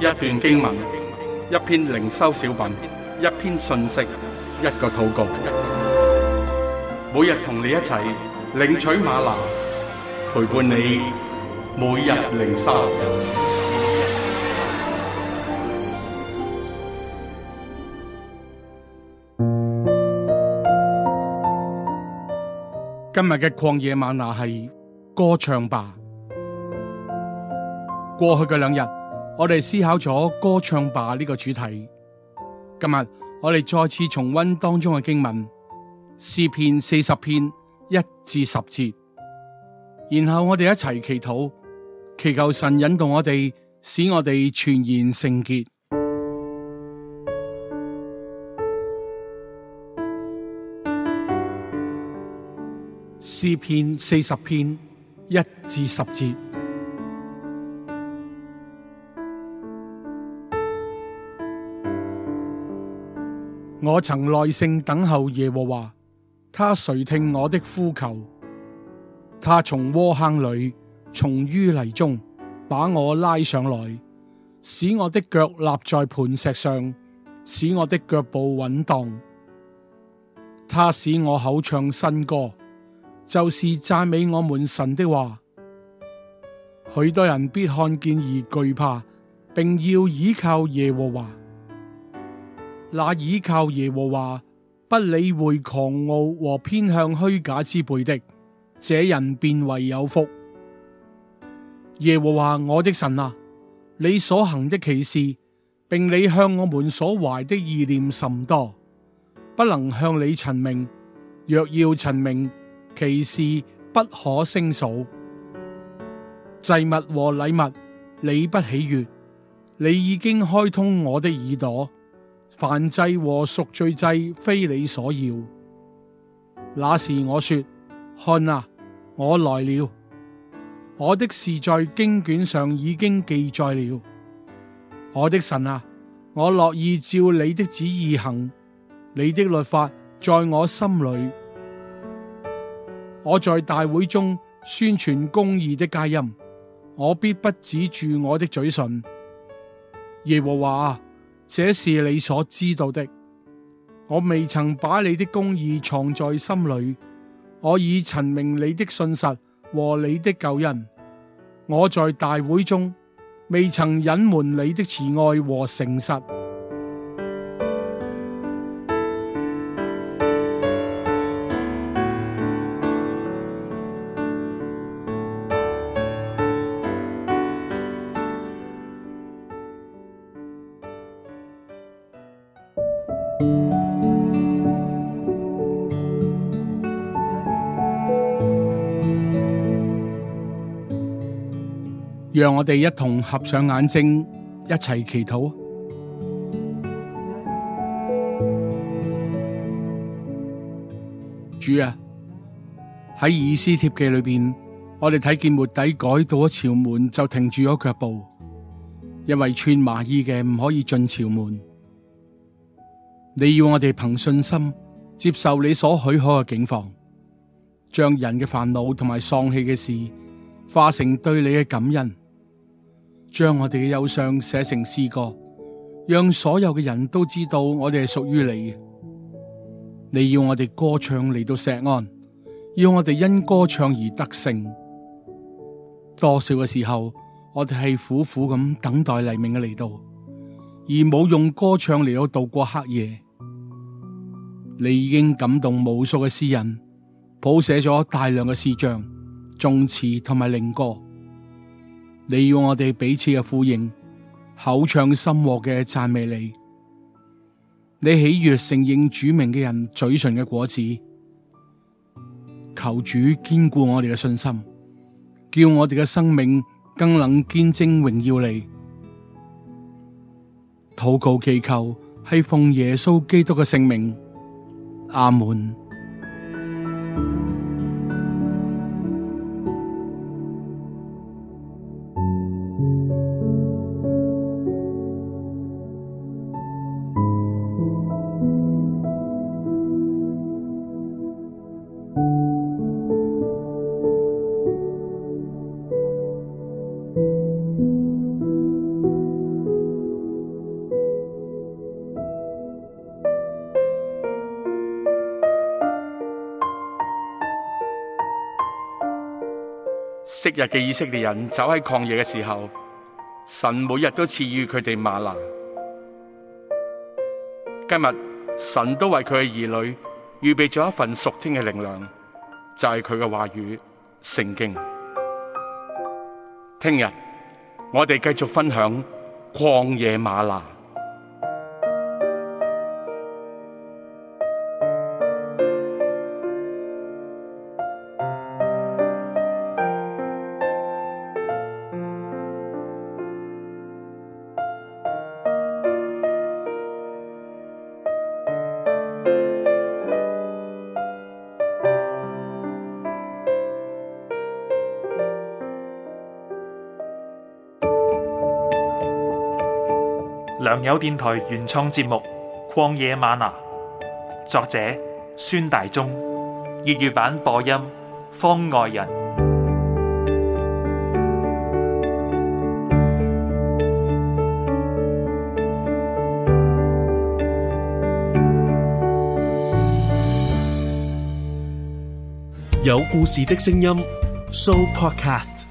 一段經文，一篇靈修小品，一篇信息，一個禱告。每日同你一齊領取嗎哪，陪伴你每日靈修。今日嘅曠野嗎哪係《歌唱吧》。過去嘅兩日。我哋思考咗歌唱吧呢個主題，今日我哋再次重溫當中嘅經文，詩篇四十篇一至十節，然後我哋一齊祈禱，祈求神引導我哋，使我哋全然聖潔。詩篇四十篇一至十節。我曾耐性等候耶和華，他垂聽我的呼求，他從窩坑裏、從淤泥中把我拉上來，使我的腳立在磐石上，使我的腳步穩當。他使我口唱新歌，就是讚美我們神的話。許多人必看見而懼怕，並要倚靠耶和華。那倚靠耶和華，不理會狂傲和偏向虛假之輩的，這人便為有福。耶和華我的神啊，你所行的奇事，並你向我們所懷的意念甚多，不能向你陳明。若要陳明，奇事不可勝數。祭物和禮物，你不喜悅，你已經開通我的耳朵。燔祭和贖罪祭非你所要，那時我說：看啊，我來了，我的事在經卷上已經記載了。我的神啊，我樂意照你的旨意行，你的律法在我心裏。我在大會中宣傳公義的佳音，我必不止住我的嘴唇。耶和華啊這是你所知道的，我未曾把你的公義藏在心裏，我已陳明你的信實和你的救恩。我在大會中未曾隱瞞你的慈愛和誠實。讓我哋一同合上眼睛，一齊祈禱。主啊，喺以斯帖記裏邊，我哋睇見末底改到咗朝門就停住咗腳步，因為穿麻衣嘅唔可以進朝門。你要我哋憑信心接受你所許可嘅境況，將人嘅煩惱同埋喪氣嘅事，化成對你嘅感恩。將我哋嘅憂傷寫成詩歌，讓所有嘅人都知道我哋係屬於你嘅。你要我哋歌唱嚟到錫安，要我哋因歌唱而得勝。多少嘅時候，我哋係苦苦咁等待黎明嘅嚟到，而冇用歌唱嚟到度過黑夜。你已經感動無數嘅詩人，譜寫咗大量嘅詩章、頌詞同埋靈歌。你要我哋彼此嘅呼應，口唱心和嘅讚美你。你喜悅承認主名嘅人，嘴唇嘅果子。求主堅固我哋嘅信心，叫我哋嘅生命更能見證榮耀你。禱告祈求係奉耶穌基督嘅聖名。阿門。昔日嘅以色列人走喺曠野嘅時候，神每日都賜予佢哋嗎哪。今日神都為佢嘅兒女預備咗一份屬天嘅靈糧，就係佢嘅話語聖經。聽日我哋繼續分享曠野嗎哪。良友電台原創節目《曠野嗎哪》，作者孫大中，粵語版播音方外人，有故事的聲音，Show Podcast。